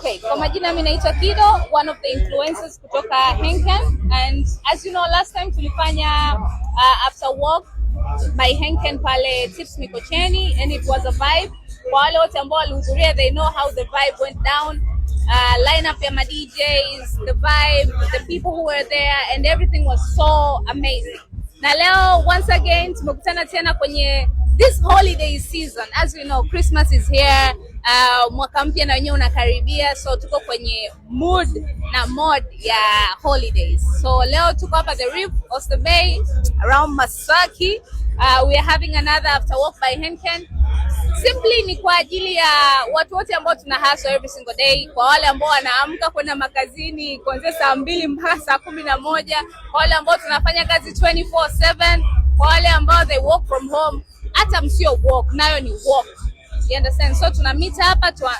Okay, kwa majina mimi naitwa Kido, one of the influencers kutoka Henken and as you know last time tulifanya uh, after work by Henken pale Tips Mikocheni and it was a vibe. Kwa wale wote ambao walihudhuria they know how the vibe went down. Uh, lineup ya ma DJs, the vibe, the people who were there and everything was so amazing. Na leo once again tumekutana tena kwenye this holiday season as we know Christmas is here. Uh, mwaka mpya na wenyewe unakaribia, so tuko kwenye mood na mod ya holidays. So leo tuko hapa the Reef the Bay around Masaki. Uh, we are having another after work by Henken. Simply ni kwa ajili ya watu wote ambao tuna hustle every single day, kwa wale ambao wanaamka kwenda makazini kuanzia saa mbili mpaka saa kumi na moja, kwa wale ambao tunafanya kazi 24/7, kwa wale ambao they work from home hata msio walk nayo ni walk. You understand? So tuna meet hapa, tuna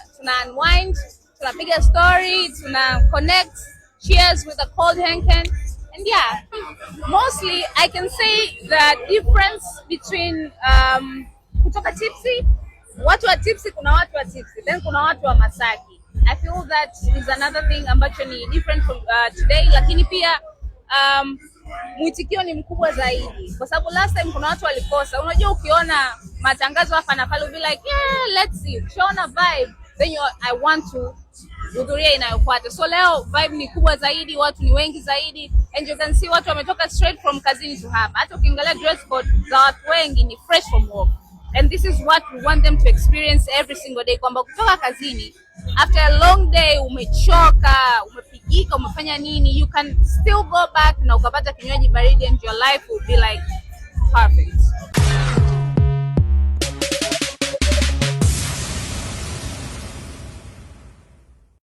unwind, tunapiga story, tuna connect, cheers with a cold Henken. And yeah, mostly I can say the difference between um, kutoka tipsy, watu wa tipsy, kuna watu wa tipsy, then kuna watu wa Masaki. I feel that is another thing ambacho ni different from uh, today, lakini pia um, mwitikio ni mkubwa zaidi, kwa sababu last time kuna watu walikosa. Unajua, ukiona matangazo hapa na pale, be like yeah, let's see, ukishaona vibe then you I want to hudhuria inayofuata. So leo vibe ni kubwa zaidi, watu ni wengi zaidi, and you can see watu wametoka straight from kazini to hapa. Hata ukiangalia dress code za watu wengi ni fresh from work, and this is what we want them to experience every single day, kwamba kutoka kazini after a long day umechoka ume umepumzika, umefanya nini, you can still go back na ukapata kinywaji baridi and your life will be like perfect.